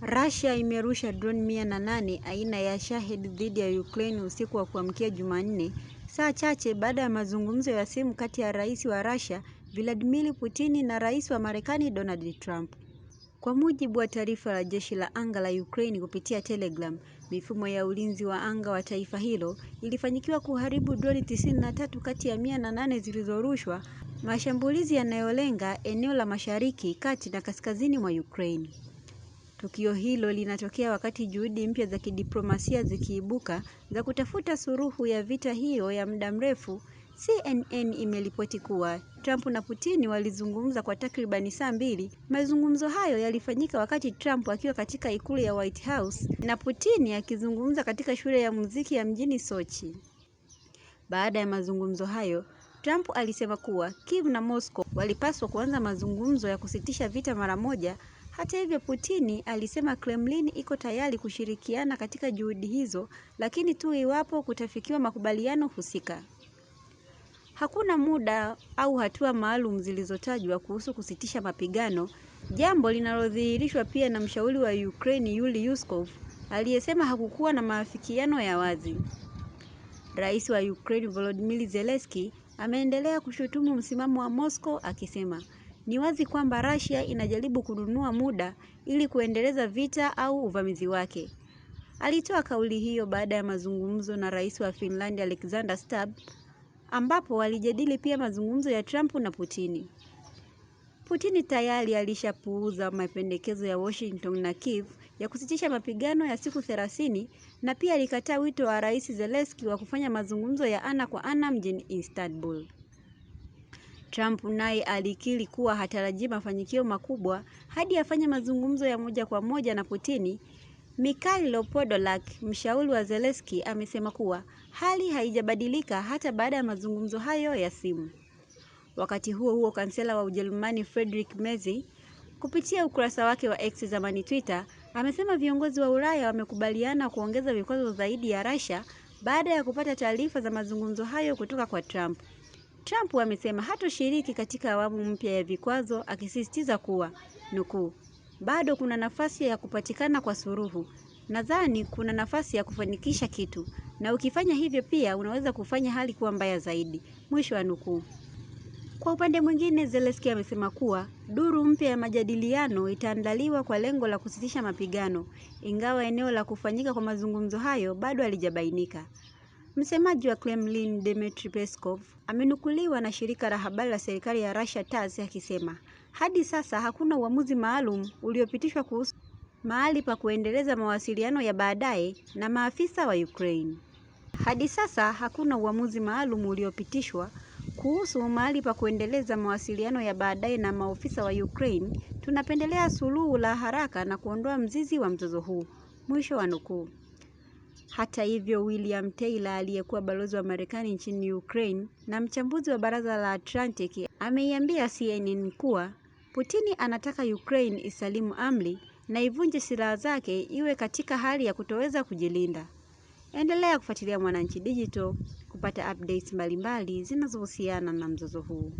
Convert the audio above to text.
Russia imerusha droni mia na nane aina ya Shahed dhidi ya Ukraine usiku wa kuamkia Jumanne, saa chache baada ya mazungumzo ya simu kati ya Rais wa Russia Vladimir Putin na Rais wa Marekani Donald Trump. Kwa mujibu wa taarifa la jeshi la anga la Ukraine kupitia Telegram, mifumo ya ulinzi wa anga wa taifa hilo ilifanikiwa kuharibu droni 93 kati ya mia na nane zilizorushwa, mashambulizi yanayolenga eneo la mashariki, kati na kaskazini mwa Ukraine. Tukio hilo linatokea wakati juhudi mpya za kidiplomasia zikiibuka za kutafuta suluhu ya vita hiyo ya muda mrefu. CNN imeripoti kuwa Trump na Putin walizungumza kwa takribani saa mbili. Mazungumzo hayo yalifanyika wakati Trump akiwa katika ikulu ya White House na Putin akizungumza katika shule ya muziki ya mjini Sochi. Baada ya mazungumzo hayo, Trump alisema kuwa Kiev na Moscow walipaswa kuanza mazungumzo ya kusitisha vita mara moja hata hivyo Putin alisema Kremlin iko tayari kushirikiana katika juhudi hizo lakini tu iwapo kutafikiwa makubaliano husika. Hakuna muda au hatua maalum zilizotajwa kuhusu kusitisha mapigano, jambo linalodhihirishwa pia na mshauri wa Ukraine Yuli Yuskov aliyesema hakukuwa na maafikiano ya wazi. Rais wa Ukraine Volodymyr Zelensky ameendelea kushutumu msimamo wa Moscow akisema ni wazi kwamba Russia inajaribu kununua muda ili kuendeleza vita au uvamizi wake. Alitoa kauli hiyo baada ya mazungumzo na Rais wa Finland Alexander Stubb ambapo walijadili pia mazungumzo ya Trump na Putin. Putin tayari alishapuuza mapendekezo ya Washington na Kiev ya kusitisha mapigano ya siku 30 na pia alikataa wito wa Rais Zelensky wa kufanya mazungumzo ya ana kwa ana mjini Istanbul. Trump naye alikiri kuwa hatarajii mafanikio makubwa hadi afanye mazungumzo ya moja kwa moja na Putin. Mikhail Podolak, mshauri wa Zelensky, amesema kuwa hali haijabadilika hata baada ya mazungumzo hayo ya simu. Wakati huo huo, kansela wa Ujerumani Friedrich Merz kupitia ukurasa wake wa X zamani Twitter, amesema viongozi wa Ulaya wamekubaliana kuongeza vikwazo zaidi ya Russia baada ya kupata taarifa za mazungumzo hayo kutoka kwa Trump. Trump amesema hatoshiriki katika awamu mpya ya vikwazo akisisitiza kuwa nukuu, bado kuna nafasi ya kupatikana kwa suluhu. Nadhani kuna nafasi ya kufanikisha kitu na ukifanya hivyo pia unaweza kufanya hali kuwa mbaya zaidi, mwisho wa nukuu. Kwa upande mwingine, Zelensky amesema kuwa duru mpya ya majadiliano itaandaliwa kwa lengo la kusitisha mapigano, ingawa eneo la kufanyika kwa mazungumzo hayo bado halijabainika. Msemaji wa Kremlin Dmitry Peskov amenukuliwa na shirika la habari la serikali ya Russia TASS akisema hadi sasa hakuna uamuzi maalum uliopitishwa kuhusu mahali pa kuendeleza mawasiliano ya baadaye na maafisa wa Ukraine. Hadi sasa hakuna uamuzi maalum uliopitishwa kuhusu mahali pa kuendeleza mawasiliano ya baadaye na maofisa wa Ukraine. Tunapendelea suluhu la haraka na kuondoa mzizi wa mzozo huu. Mwisho wa nukuu. Hata hivyo William Taylor aliyekuwa balozi wa Marekani nchini Ukraine na mchambuzi wa Baraza la Atlantic ameiambia CNN kuwa Putin anataka Ukraine isalimu amri na ivunje silaha zake iwe katika hali ya kutoweza kujilinda. Endelea kufuatilia Mwananchi Digital kupata updates mbalimbali zinazohusiana na mzozo huu.